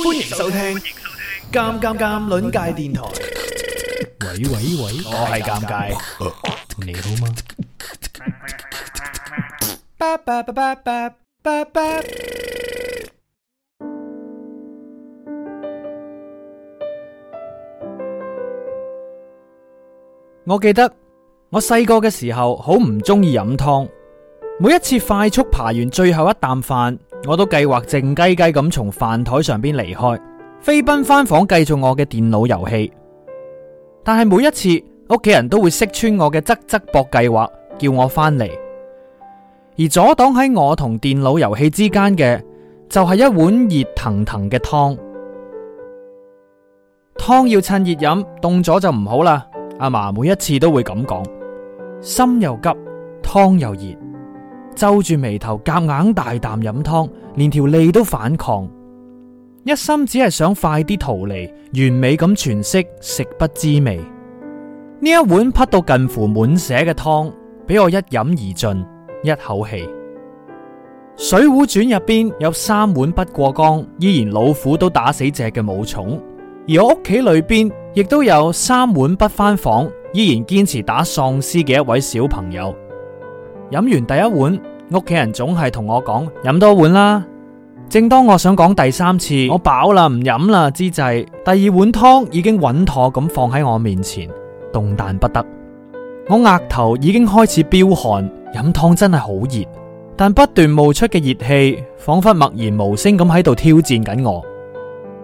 歡迎收聽《尷尷尷》論界電台。喂喂喂，喂，我係尷尬，你好嗎？我記得我細個嘅時候好唔中意飲湯，每一次快速爬完最後一啖飯。我都計劃靜雞雞咁從飯台上邊離開，飛奔翻房繼續我嘅電腦遊戲。但係每一次，屋企人都會識穿我嘅側側膊計劃，叫我翻嚟。而阻擋喺我同電腦遊戲之間嘅，就係一碗熱騰騰嘅湯。湯要趁熱飲，凍咗就唔好啦。阿嫲每一次都會咁講，心又急，湯又熱。皺住眉頭，夾硬大啖飲湯，連條脷都反抗，一心只係想快啲逃離，完美咁詮釋食不知味。呢一碗匹到近乎滿瀉嘅湯，俾我一飲而盡，一口氣。《水滸傳》入邊有三碗不過崗，依然老虎都打死隻嘅武松；而我屋企裏邊亦都有三碗不返房，依然堅持打喪屍嘅一位小朋友。飲完第一碗，屋企人總係同我講飲多碗啦。正當我想講第三次，我飽啦唔飲啦之際，第二碗湯已經穩妥咁放喺我面前，動彈不得。我額頭已經開始飆汗，飲湯真係好熱，但不斷冒出嘅熱氣，仿佛默然無聲咁喺度挑戰緊我。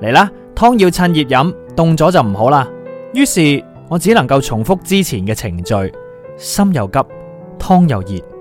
嚟啦，湯要趁熱飲，凍咗就唔好啦。於是我只能夠重複之前嘅程序，心又急，湯又熱。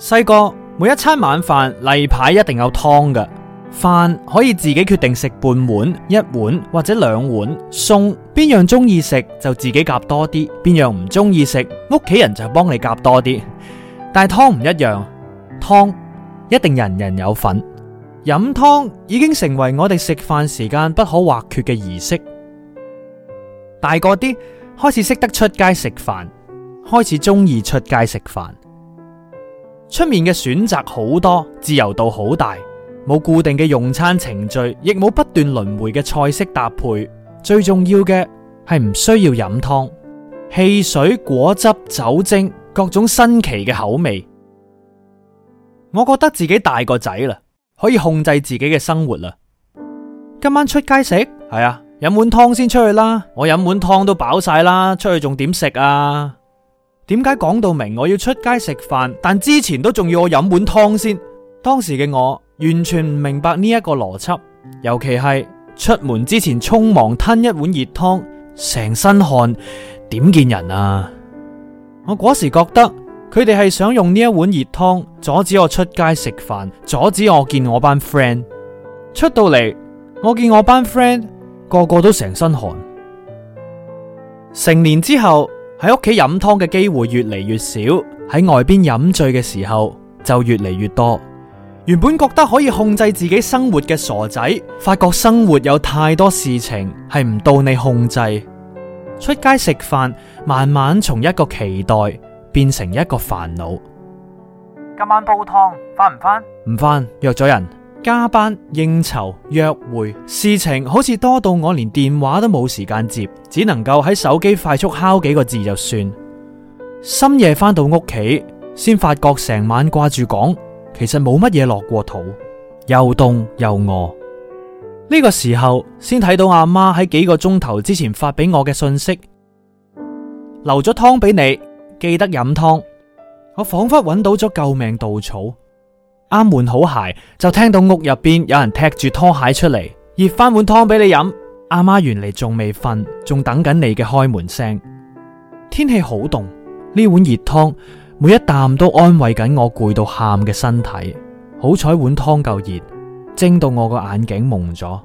細個每一餐晚飯例牌一定有湯㗎，飯可以自己決定食半碗、一碗或者兩碗，𩠌，邊樣中意食就自己夾多啲，邊樣唔中意食，屋企人就係幫你夾多啲。但係湯唔一樣，湯一定人人有份，飲湯已經成為我哋食飯時間不可或缺嘅儀式。大個啲開始識得出街食飯，開始中意出街食飯。出面嘅選擇好多，自由度好大，冇固定嘅用餐程序，亦冇不斷輪迴嘅菜式搭配。最重要嘅係唔需要飲湯。汽水、果汁、酒精，各種新奇嘅口味。我覺得自己大個仔啦，可以控制自己嘅生活啦。今晚出街食？係啊，飲碗湯先出去啦。我飲碗湯都飽晒啦，出去仲點食啊？點解講到明我要出街食飯，但之前都仲要我飲碗湯先？當時嘅我完全唔明白呢一個邏輯，尤其係出門之前匆忙吞一碗熱湯，成身汗，點見人啊？我嗰時覺得佢哋係想用呢一碗熱湯阻止我出街食飯，阻止我見我班 friend。出到嚟，我見我班 friend，個個都成身汗。成年之後。喺屋企飲湯嘅機會越嚟越少，喺外邊飲醉嘅時候就越嚟越多。原本覺得可以控制自己生活嘅傻仔，發覺生活有太多事情係唔到你控制。出街食飯，慢慢從一個期待變成一個煩惱。今晚煲湯，返唔返？唔返，約咗人。加班、應酬、約會，事情好似多到我連電話都冇時間接，只能夠喺手機快速敲幾個字就算。深夜翻到屋企，先發覺成晚掛住講，其實冇乜嘢落過肚，又凍又餓。呢個時候先睇到阿媽喺幾個鐘頭之前發俾我嘅信息，留咗湯俾你，記得飲湯。我仿佛揾到咗救命稻草。啱換好鞋，就聽到屋入邊有人踢住拖鞋出嚟，熱返碗湯俾你飲。阿媽，媽原來仲未瞓，仲等緊你嘅開門聲。天氣好凍，呢碗熱湯每一啖都安慰緊我攰到喊嘅身體。好彩碗湯夠熱，蒸到我個眼鏡蒙咗。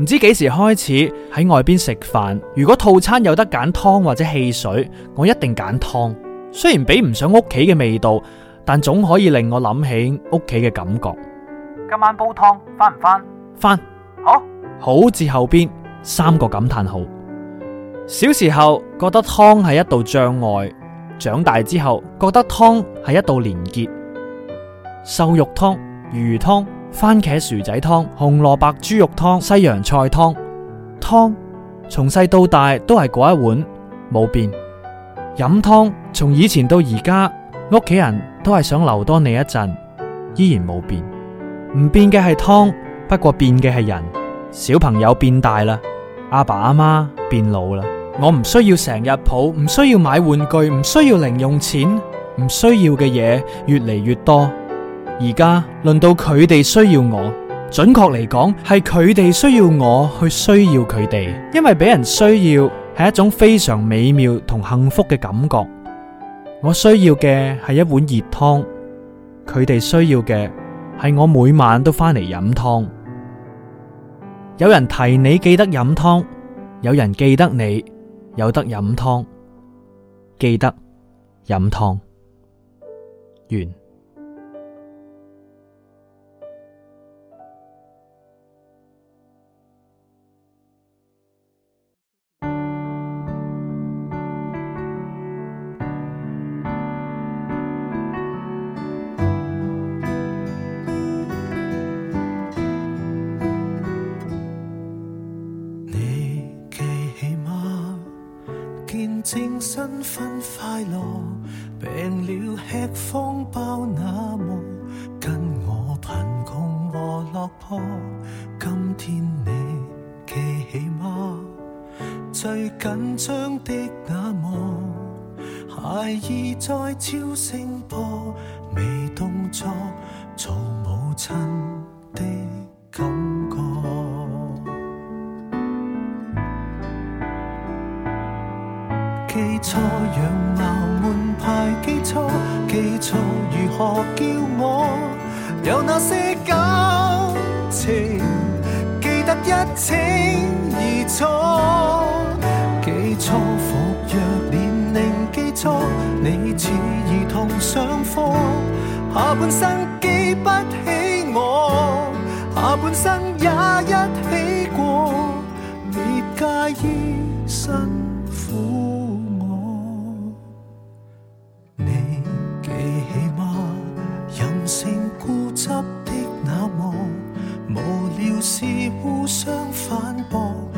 唔知幾時開始喺外邊食飯，如果套餐有得揀湯或者汽水，我一定揀湯。雖然比唔上屋企嘅味道。但總可以令我諗起屋企嘅感覺。今晚煲湯翻唔翻？翻、oh? 好，好字後邊三個感嘆號。小時候覺得湯係一道障礙，長大之後覺得湯係一道連結。瘦肉湯、魚湯、番茄薯仔湯、紅蘿蔔豬肉湯、西洋菜湯，湯從細到大都係嗰一碗冇變。飲湯從以前到而家，屋企人都係想留多你一陣，依然冇變。唔變嘅係湯，不過變嘅係人。小朋友變大啦，阿爸阿媽變老啦。我唔需要成日抱，唔需要買玩具，唔需要零用錢，唔需要嘅嘢越嚟越多。而家輪到佢哋需要我，準確嚟講係佢哋需要我去需要佢哋。因為俾人需要係一種非常美妙同幸福嘅感覺。我需要嘅係一碗熱湯，佢哋需要嘅係我每晚都返嚟飲湯。有人提你記得飲湯，有人記得你有得飲湯，記得飲湯。完。正身份快樂，病了吃方包那幕，跟我貧窮和落魄，今天你記起嗎？最緊張的那幕，孩兒在超聲波未動作，做母親的感覺。記錯樣貌，門牌記錯，記錯如何叫我？有那些感情記得一清二楚，記錯服藥年齡記錯你似兒童上課，下半生記不起我，下半生也一起過，別介意辛苦。是互相反駁。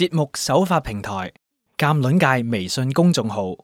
節目首發平台：鑑論界微信公眾號。